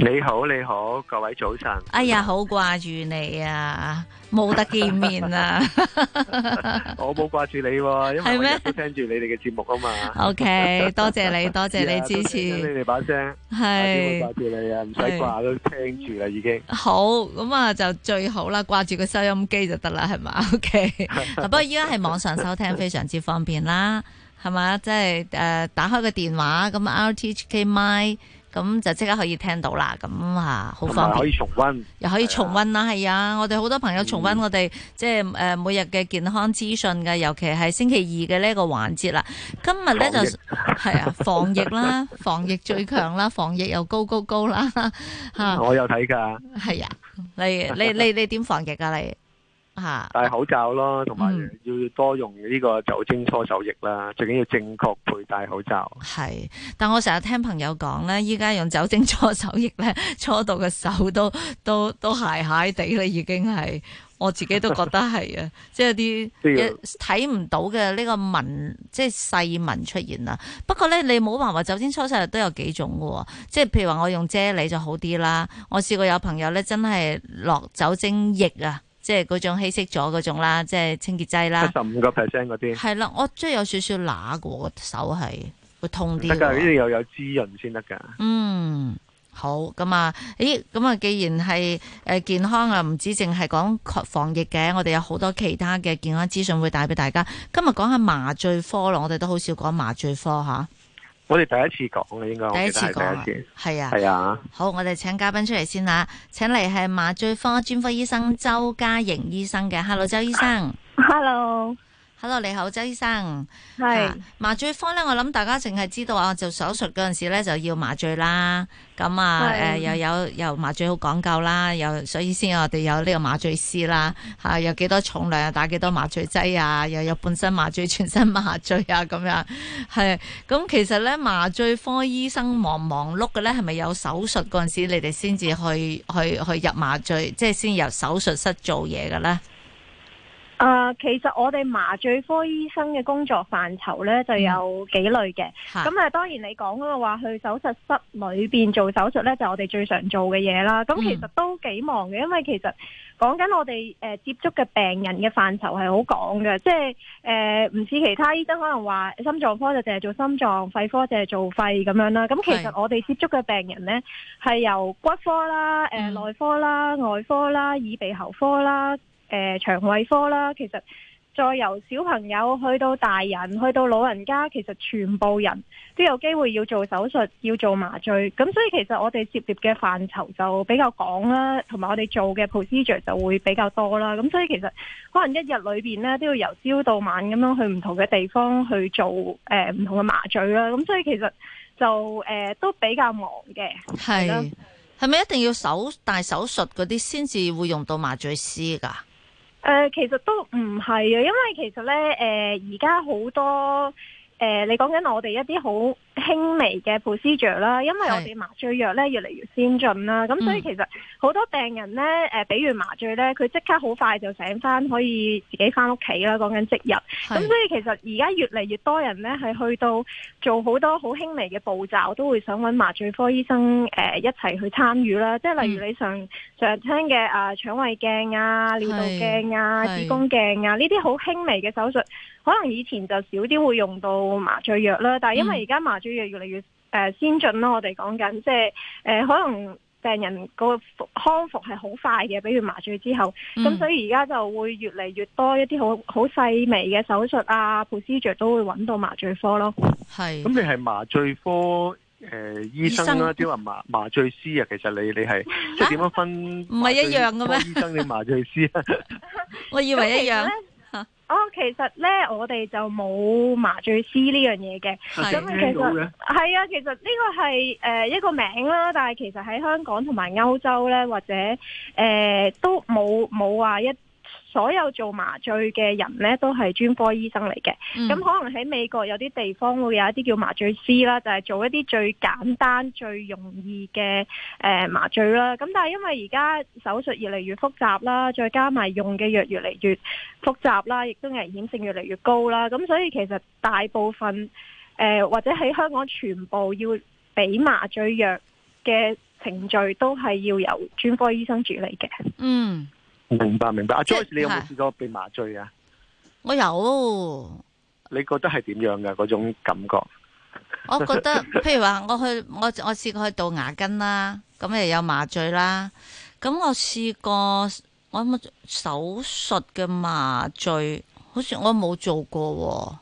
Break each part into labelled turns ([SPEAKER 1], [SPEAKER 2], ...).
[SPEAKER 1] 你好，你好，各位早晨。
[SPEAKER 2] 哎呀，好掛住你啊，冇得見面 啊。
[SPEAKER 1] 我冇掛住你喎，因為嗎我日日都聽住你哋嘅節目啊嘛。 o、okay, K，多謝你，多謝你支持。Yeah, 多謝你哋把聲。係是。掛住你啊，唔使掛都聽住啦，已經。
[SPEAKER 2] 好，咁啊就最好啦，掛住個收音機就得啦，係嘛？O K。嗱、okay， 不過依家係網上收聽非常之方便啦，係嘛？ 即係誒，打開個電話咁 R T H K 麥。咁就即刻可以聽到啦，咁啊好方便，可以重温，又可以重温啊，係啊，我哋好多朋友重温我哋、嗯、即係誒每日嘅健康資訊㗎，尤其係星期二嘅呢個環節啦。今日咧就係疫啊，防疫啦， 防疫最強啦，防疫又高高高啦。嚇！ 我
[SPEAKER 1] 有睇㗎。
[SPEAKER 2] 係啊，你你你你點防疫㗎、啊、你？
[SPEAKER 1] 戴口罩咯，同埋要多用呢個酒精搓手液啦。嗯、最緊要正確佩戴口罩係。
[SPEAKER 2] 但我成日聽朋友講咧，依家用酒精搓手液咧搓到個手都都都鞋鞋地啦，已經係我自己都覺得係啊， 即係有啲睇唔到嘅呢個紋，即係細紋出現啦。不過咧，你冇辦法，酒精搓手液都有幾種嘅，即係譬如話我用啫喱就好啲啦。我試過有朋友咧真係落酒精液啊。即係嗰種稀釋咗嗰種啦，即係清潔劑啦。七十
[SPEAKER 1] 五個 percent 嗰啲係
[SPEAKER 2] 啦，我即係有少少乸過手係會痛啲。但噶，呢啲
[SPEAKER 1] 又有滋潤先得噶。嗯，
[SPEAKER 2] 好咁啊，咦，咁啊，既然係誒健康啊，唔止淨係講防疫嘅，我哋有好多其他嘅健康資訊會帶俾大家。今日講下麻醉科咯，我哋都好少講麻醉科吓。
[SPEAKER 1] 我哋第一次講嘅應該，第一次講係啊，係啊，
[SPEAKER 2] 好，我哋請嘉賓出嚟先啦，請嚟係麻醉科專科醫生周嘉盈醫生嘅，Hello，周醫生，Hello。hello，你好，周醫生。係是、啊、麻醉科咧，我諗大家淨係知道啊，做手術嗰陣時咧，就要麻醉啦。咁啊，誒是、呃、又有又麻醉好講究啦，又所以先我哋有呢個麻醉師啦。吓、啊，有幾多重量啊，打幾多麻醉劑啊，又有半身麻醉、全身麻醉啊，咁樣係。咁、嗯、其實咧，麻醉科醫生忙忙碌嘅咧，係咪有手術嗰陣時，你哋先至去去去，去入麻醉，即係先由手術室做嘢嘅咧？
[SPEAKER 3] 誒、呃，其實我哋麻醉科醫生嘅工作範疇呢，就有幾類嘅，咁啊、嗯，當然你講嗰話去手術室裏邊做手術呢，就是，我哋最常做嘅嘢啦。咁、嗯、其實都幾忙嘅，因為其實講緊我哋誒、呃、接觸嘅病人嘅範疇係好廣嘅，即係誒唔似其他醫生可能話心臟科就淨係做心臟，肺科淨係做肺咁樣啦。咁、嗯、其實我哋接觸嘅病人呢，係由骨科啦、誒、呃、內科啦、外科啦、耳鼻喉科啦。誒，腸胃科啦，其實，再由小朋友去到大人，去到老人家，其實全部人都有機會要做手術，要做麻醉。咁所以其實我哋涉獵嘅範疇就比較廣啦，同埋我哋做嘅 procedure 就會比較多啦。咁所以其實可能一日裏邊咧，都要由朝到晚咁樣去唔同嘅地方去做誒唔同嘅麻醉啦。咁所以其實就誒都比較忙嘅。係
[SPEAKER 2] 係咪一定要手大手術嗰啲先至會用到麻醉師噶？
[SPEAKER 3] 誒、呃，其實都唔係啊，因為其實咧，誒、呃，而家好多誒、呃，你講緊我哋一啲好。輕微嘅 procedure 啦，因為我哋麻醉藥咧越嚟越先進啦，咁是所以其實好多病人咧，誒，比如麻醉咧，佢即刻好快就醒翻，可以自己翻屋企啦，講緊即日。咁是所以其實而家越嚟越多人咧係去到做好多好輕微嘅步驟，都會想揾麻醉科醫生誒、呃、一齊去參與啦。即係例如你上是上聽嘅啊，呃、腸胃鏡啊、尿道鏡啊、子宮鏡啊呢啲好輕微嘅手術，可能以前就少啲會用到麻醉藥啦，但係因為而家麻醉。越嚟越誒、呃、先進咯，我哋講緊即係誒、呃，可能病人個康復係好快嘅，比如麻醉之後，咁、嗯嗯、所以而家就會越嚟越多一啲好好細微嘅手術啊 procedure 都會揾到麻醉科咯。係是。咁你
[SPEAKER 1] 係麻醉科誒、呃、醫生啦，即係話麻麻醉師啊，其實你你係、啊、即係點樣分唔係一樣嘅咩？醫生定麻醉師啊？
[SPEAKER 3] 我以為一樣。哦，其實咧，我哋就冇麻醉師呢樣嘢嘅，咁其實係啊，其實呢的個係誒、呃、一個名啦，但係其實喺香港同埋歐洲咧，或者誒、呃、都冇冇話一。所有做麻醉嘅人呢，都係專科醫生嚟嘅。咁、嗯、可能喺美國有啲地方會有一啲叫麻醉師啦，就係、是、做一啲最簡單、最容易嘅誒、呃、麻醉啦。咁但係因為而家手術越嚟越複雜啦，再加埋用嘅藥越嚟越複雜啦，亦都危險性越嚟越高啦。咁所以其實大部分誒、呃、或者喺香港全部要俾麻醉藥嘅程序，都係要由專科醫生處理嘅。嗯。
[SPEAKER 1] 明白明白，阿 Joy，是、啊、你有冇試過被麻醉啊？我有。你覺得係點樣嘅嗰種感覺？我覺得， 譬
[SPEAKER 2] 如話我去，我我試過去杜牙根啦，咁又有麻醉啦。咁我試過我有冇手術嘅麻醉，好似我冇做過、哦。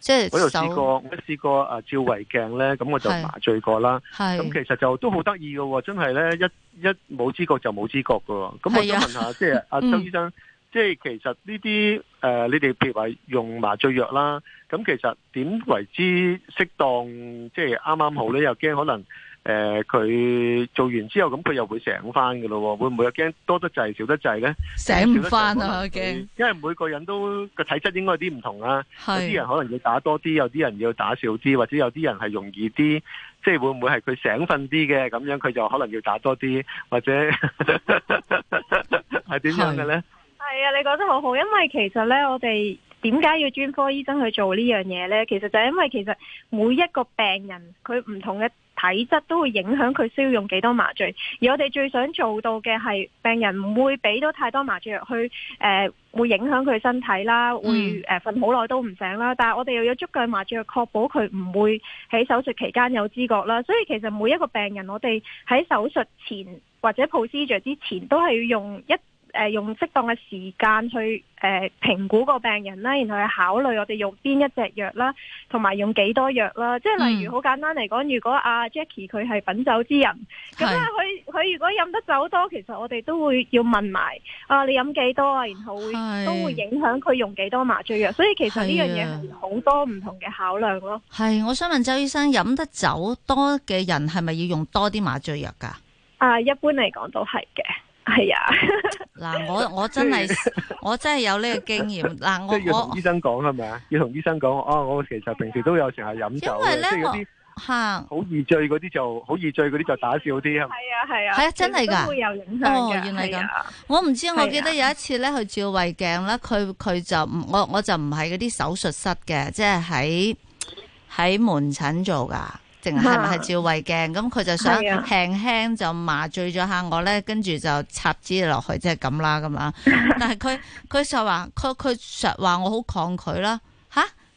[SPEAKER 1] 即係我又試過，手我一試過誒、啊、照胃鏡咧，咁我就麻醉過啦。咁是其實就都好得意嘅喎，真係咧一一冇知覺就冇知覺嘅喎、哦。咁我想問下，啊、即係阿、啊、周醫生， 即係其實呢啲誒，你哋譬如話用麻醉藥啦，咁其實點為之適當，即係啱啱好咧，又驚可能。誒，佢、呃、做完之後，咁佢又會醒翻嘅咯，會唔會驚多得滯，少得滯呢？醒唔翻啊！驚怕，因為每個人都個體質應該有啲唔同啦、啊，是有啲人可能要打多啲，有啲人要打少啲，或者有啲人係容易啲，即係會唔會係佢醒瞓啲嘅咁樣，佢就可能要打多啲，或者係點 樣嘅呢？
[SPEAKER 3] 係是啊，你講得好好，因為其實呢，我哋點解要專科醫生去做呢樣嘢呢？其實就係因為其實每一個病人佢唔同嘅。體質都會影響佢需要用幾多麻醉，而我哋最想做到嘅係病人唔會俾到太多麻醉藥去，誒、呃、會影響佢身體啦，會誒瞓好耐都唔醒啦。但係我哋又有足夠麻醉藥，確保佢唔會喺手術期間有知覺啦。所以其實每一個病人，我哋喺手術前或者鋪 C 罩之前，都係要用一。誒，用適當嘅時間去誒評估個病人啦，然後去考慮我哋用邊一隻藥啦，同埋用幾多藥啦。即係例如好、嗯、簡單嚟講，如果阿 Jackie 佢係品酒之人，咁啊是，佢佢如果飲得酒多，其實我哋都會要問埋啊，你飲幾多啊，然後會是都會影響佢用幾多麻醉藥。所以其實呢樣嘢
[SPEAKER 2] 好多唔同
[SPEAKER 3] 嘅考量咯。
[SPEAKER 2] 係，我想問周醫生，飲得酒多嘅人係咪要用多啲麻醉藥噶？
[SPEAKER 3] 啊，一般嚟講都係嘅。
[SPEAKER 2] 係啊，嗱， 我我真係 我真係有呢個經驗。嗱，我我醫
[SPEAKER 1] 生講係咪啊？要同醫生講哦，我其實平時都有時係飲酒。因為咧個吓好易醉嗰啲就好 易醉嗰啲就打少啲 嗎啊。係啊
[SPEAKER 2] 係啊，係、哦、 啊真係噶。都會有影響嘅，原嚟。咁，我唔知，我記得有一次咧去照胃鏡咧，佢佢就我我就唔係嗰啲手術室嘅，即係喺喺門診做噶。淨係咪係照胃鏡咁？佢麼就想輕輕就麻醉咗下我咧， 跟住就插支落去，即係咁啦咁啊！但係佢佢就話，佢佢就話我好抗拒啦。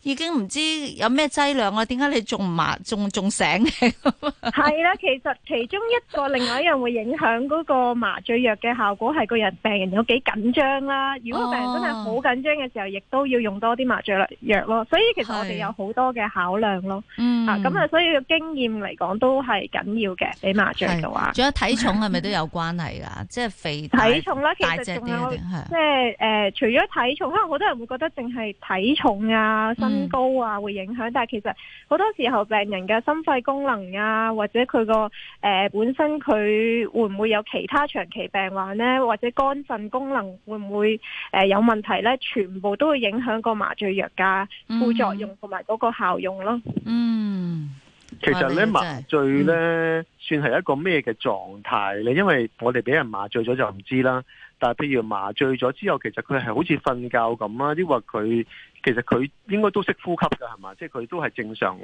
[SPEAKER 2] 已經唔知有咩劑量啊？點解你仲麻仲仲醒？係
[SPEAKER 3] 啦，其實其中一個另外一樣會影響嗰個麻醉藥嘅效果，係個人病人有幾緊張啦。如果病人真係好緊張嘅時候，亦、哦、都要用多啲麻醉藥咯。
[SPEAKER 2] 所以其實我哋是有好多嘅考量咯。嗯，咁啊，所以經驗嚟講都係緊要嘅。俾麻醉嘅話，仲有體重係咪都有關係噶？即係、嗯、肥體重啦，其實
[SPEAKER 1] 仲有
[SPEAKER 3] 即係誒，除咗體重，可能好多人會覺得淨係體重啊重重升高啊，嗯、會影響，但係其實好多時候病人嘅心肺功能啊，或者佢個誒本身佢會唔會有其他長期病患咧，或者肝腎功能會唔會誒、呃、有問題咧，全部都會影響個麻醉藥噶副作用同埋嗰個效用咯。嗯，其實咧麻
[SPEAKER 1] 醉咧、嗯、算係一個咩嘅狀態咧？因為我哋俾人麻醉咗就唔知啦。啊，但譬如麻醉咗之後，其實佢係好似瞓覺咁啊？抑或佢其實佢應該都識呼吸嘅，係嘛？即係佢都係正常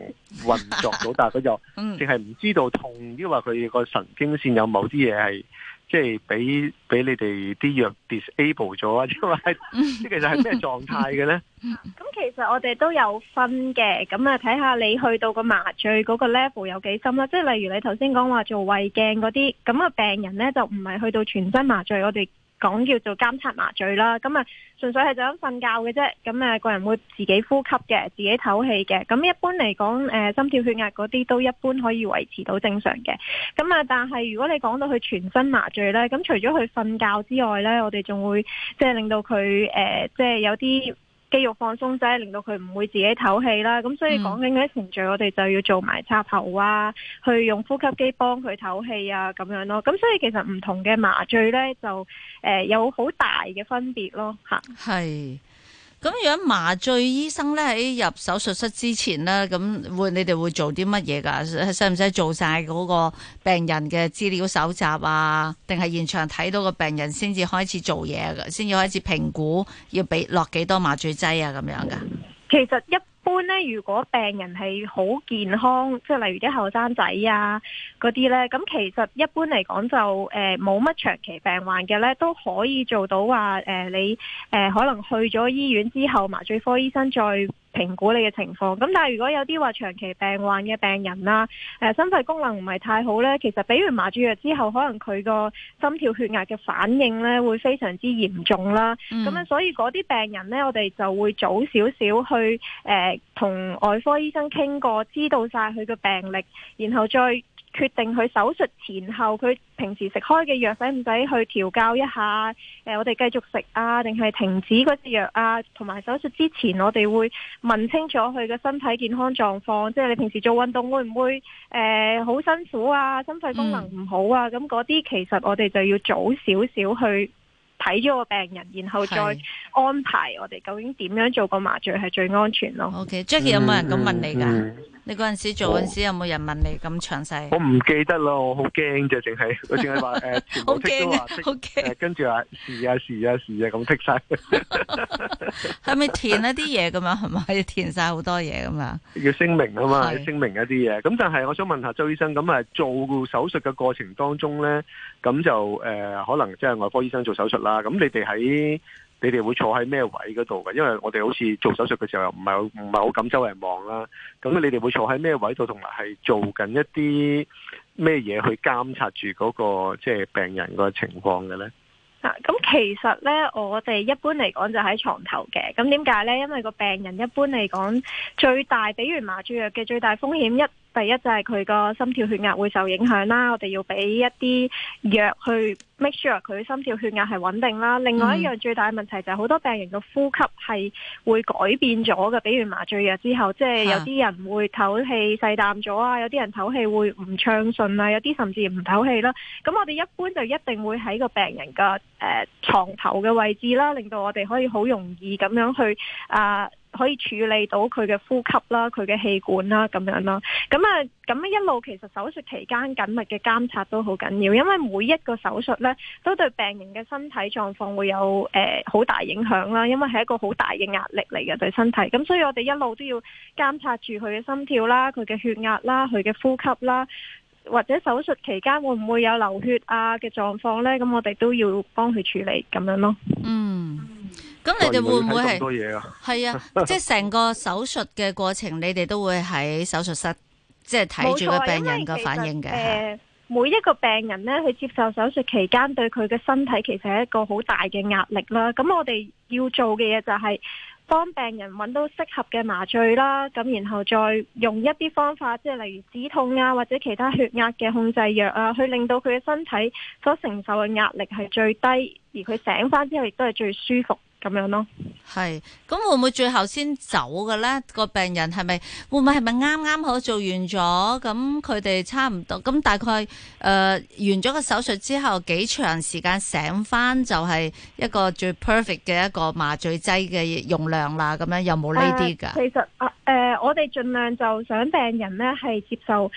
[SPEAKER 1] 運作到，但係佢就淨係唔知道痛，抑或佢個神經線有某啲嘢係即係俾俾你哋啲藥 disable 咗啊？即係即 其實係咩狀態嘅咧？
[SPEAKER 3] 咁 其實我哋都有分嘅，咁啊睇下你去到個麻醉嗰個 level 有幾深啦。即係例如你頭先講話做胃鏡嗰啲，咁啊病人咧就唔係去到全身麻醉，我哋。講叫做監察麻醉啦，咁啊，純粹係就咁瞓覺嘅啫，咁啊，個人會自己呼吸嘅，自己唞氣嘅，咁一般嚟講，誒，心跳血壓嗰啲都一般可以維持到正常嘅，咁啊，但係如果你講到佢全身麻醉呢，咁除咗佢瞓覺之外呢，我哋仲會即係令到佢，誒，即係有啲。肌肉放鬆劑，令到佢唔會自己唞氣啦，咁所以講緊嗰啲程序，我哋就要做埋插喉啊，去用呼吸機幫佢唞氣啊，咁樣咯，咁所以其實唔同嘅麻醉呢，就誒有好大嘅分別咯，吓。
[SPEAKER 2] 係。咁如果麻醉醫生咧，喺入手術室之前咧，咁會你哋會做啲乜嘢噶？使唔使做晒嗰個病人嘅資料搜集啊？定係現場睇到個病人先至開始做嘢噶？先至開始評估，要俾落幾多麻醉劑啊？咁樣噶？其實一。
[SPEAKER 3] 一般咧，如果病人係好健康，即係例如啲後生仔啊嗰啲咧，咁其實一般嚟講就誒冇乜長期病患嘅咧，都可以做到話誒、呃、你誒、呃、可能去咗醫院之後麻醉科醫生再。評估你嘅情況，咁但係如果有啲話長期病患嘅病人啦，誒、呃，心肺功能唔係太好呢，其實俾完麻醉藥之後，可能佢個心跳血壓嘅反應呢會非常之嚴重啦，咁啊、嗯嗯，所以嗰啲病人呢，我哋就會早少少去誒，同、呃、外科醫生傾過，知道晒佢嘅病歷，然後再。決定佢手術前後，佢平時食開嘅藥使唔使去調教一下？誒、呃，我哋繼續食啊，定係停止嗰隻藥啊？同埋手術之前，我哋會問清楚佢嘅身體健康狀況，即係你平時做運動會唔會誒好、呃、辛苦啊？心肺功能唔好啊？咁嗰啲其實我哋就要早少少去。睇咗個病人，然後再安排我哋究竟點樣做個麻醉係最安全咯。O、
[SPEAKER 2] okay. K，Jackie 有冇人咁問你噶？嗯嗯、你嗰陣時做，嗰陣時有冇人問你咁詳細？我唔
[SPEAKER 1] 記得咯，我好驚啫，淨係我淨係話誒，全部 tick 都話 tick，誒，跟住話、啊啊啊、 是啊是啊是啊咁 tick 晒。
[SPEAKER 2] 係咪填一啲嘢噶嘛？係咪？要填晒好多嘢噶嘛？
[SPEAKER 1] 要聲的明啊嘛？要聲明一啲嘢。咁但係我想問下周醫生，咁誒做手術嘅過程當中咧？咁就誒、呃，可能即係外科醫生做手術啦。咁你哋喺你哋會坐喺咩位嗰度嘅？因為我哋好似做手術嘅時候又唔係唔係好噉周圍望啦。咁你哋會坐喺咩位度？同埋係做緊一啲咩嘢去監察住嗰、那個即係、就是、病人個情況嘅咧？
[SPEAKER 3] 啊，咁其實咧，我哋一般嚟講就喺床頭嘅。咁點解咧？因為個病人一般嚟講，最大，比如麻醉藥嘅最大風險一。第一就係佢個心跳血壓會受影響啦，我哋要俾一啲藥去 make sure 佢心跳血壓係穩定啦。另外一樣最大嘅問題就係好多病人個呼吸係會改變咗嘅，比如麻醉藥之後，即係有啲人會唞氣細啖咗啊，有啲人唞氣會唔暢順啊，有啲甚至唔唞氣啦。咁我哋一般就一定會喺個病人嘅誒、呃、床頭嘅位置啦，令到我哋可以好容易咁樣去啊。呃可以處理到佢嘅呼吸啦，佢嘅氣管啦，咁樣咯。咁啊，咁一路其實手術期間緊密嘅監察都好緊要，因為每一個手術呢，都對病人嘅身體狀況會有誒好大影響啦，因為係一個好大嘅壓力嚟嘅，對身體。咁所以我哋一路都要監察住佢嘅心跳啦、佢嘅血壓啦、佢嘅呼吸啦，或者手術期間會唔會有流血啊嘅狀況呢，咁我哋都要幫佢處理咁樣咯，啊。嗯。咁你哋會唔會係係 啊？即係
[SPEAKER 2] 成個手術嘅過程，你哋都會喺手術室即係睇住個病人嘅反應嘅。誒、呃，
[SPEAKER 3] 每一個病人咧，佢接受手術期間，對佢嘅身體其實係一個好大嘅壓力啦。咁我哋要做嘅嘢就係、是、幫病人揾到適合嘅麻醉啦，咁然後再用一啲方法，即係例如止痛啊，或者其他血壓嘅控制藥啊，去令到佢嘅身體所承受嘅壓力係最低，而佢醒返之後亦都係最舒服。咁樣咯，係
[SPEAKER 2] 咁會唔會最後先走嘅咧？個病人係咪會唔會係咪啱啱好做完咗？咁佢哋差唔多？咁大概誒、呃、完咗個手術之後幾長時間醒翻就係、是、一個最 perfect 嘅一個麻醉劑嘅用量啦？咁樣有冇呢啲噶？其實誒、呃，
[SPEAKER 3] 我哋盡量就想病人咧係接受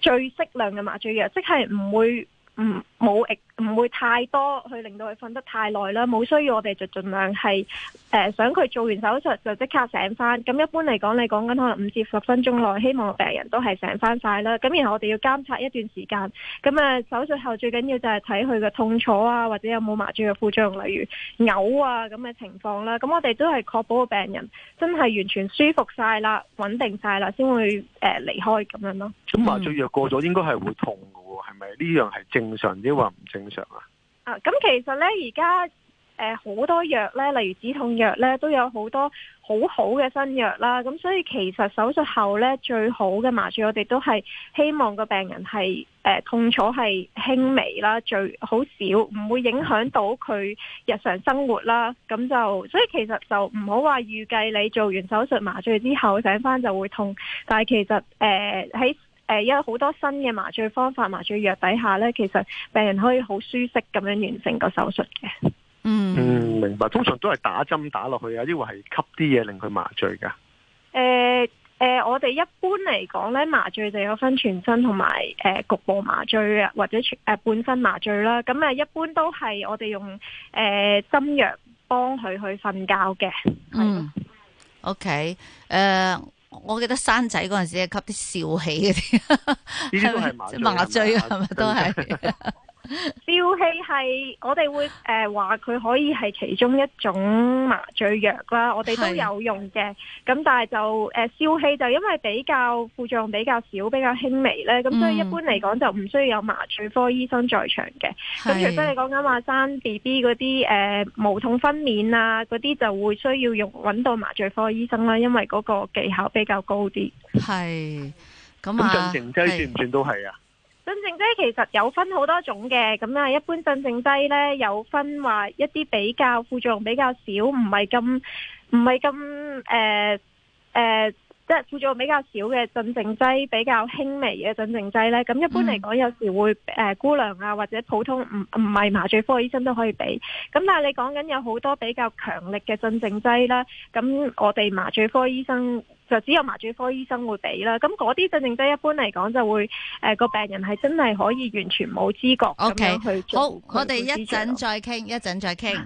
[SPEAKER 3] 最適量嘅麻醉藥，即係唔會。唔冇，唔會太多去令到佢瞓得太耐啦。冇需要，我哋就盡量係誒、呃，想佢做完手術就即刻醒翻。咁一般嚟講，你講緊可能五至十分鐘內，希望病人都係醒翻晒啦。咁然後我哋要監察一段時間。咁啊，手術後最緊要就係睇佢嘅痛楚啊，或者有冇麻醉藥副作用，例如嘔啊咁嘅情況啦。咁我哋都係確保個病人真係完全舒服晒啦，穩定晒啦，先會誒、呃、離開咁樣咯。
[SPEAKER 1] 咁、嗯、麻醉藥過咗，應該係會痛。係咪呢樣係正常，抑或唔正常啊？
[SPEAKER 3] 咁其實呢，而家誒好多藥咧，例如止痛藥呢，都有好多好好多好好嘅新藥啦。咁所以其實手術後呢，最好嘅麻醉，我哋都係希望個病人係誒、呃、痛楚係輕微啦，最好少唔會影響到佢日常生活啦。咁就所以其實就唔好話預計你做完手術麻醉之後醒翻就會痛，但係其實誒喺。呃誒，因為好多新嘅麻醉方法、麻醉藥底下呢，其實病人可以好舒適咁樣完成個手術嘅。嗯，嗯，
[SPEAKER 1] 明白。通常都係打針打落去啊，抑或係吸啲嘢令佢麻醉噶？
[SPEAKER 3] 誒誒、呃呃，我哋一般嚟講呢，麻醉就有分全身同埋誒局部麻醉啊，或者全誒半身麻醉啦。咁、呃、啊，一般都係我哋用誒針藥幫佢去瞓覺嘅。
[SPEAKER 2] 嗯。O K，誒。Okay, uh 我記得生仔嗰陣時吸，吸啲笑氣
[SPEAKER 1] 嗰啲，即係麻醉，係咪醉都係是？
[SPEAKER 3] 消氣係我哋會誒話佢可以係其中一種麻醉藥啦，我哋都有用嘅。咁是但係就誒消氣就因為比較副作用比較少，比較輕微咧，咁、嗯、所以一般嚟講就唔需要有麻醉科醫生在場嘅。咁是除非你講緊話生 B B 嗰啲誒無痛分娩啊，嗰啲就會需要用揾到麻醉科醫生啦，因為嗰個技巧比較高啲。係咁啊。咁鎮靜劑算唔
[SPEAKER 1] 算都係啊？
[SPEAKER 3] 鎮靜劑其實有分好多種嘅，咁啊，一般鎮靜劑呢，有分話一啲比較副作用比較少，唔係咁唔係咁誒誒，即係副作用比較少嘅鎮靜劑，比較輕微嘅鎮靜劑呢，咁一般嚟講、嗯、有時會誒、呃、姑娘啊或者普通唔唔係麻醉科醫生都可以俾，咁但係你講緊有好多比較強力嘅鎮靜劑啦，咁我哋麻醉科醫生。就只有麻醉科醫生會畀啦，咁啲鎮靜劑一般嚟講就會，誒、呃、個病人係真係可以完全冇知覺 ok 去做。Okay. 去好，去我哋一陣再傾，一陣再傾。嗯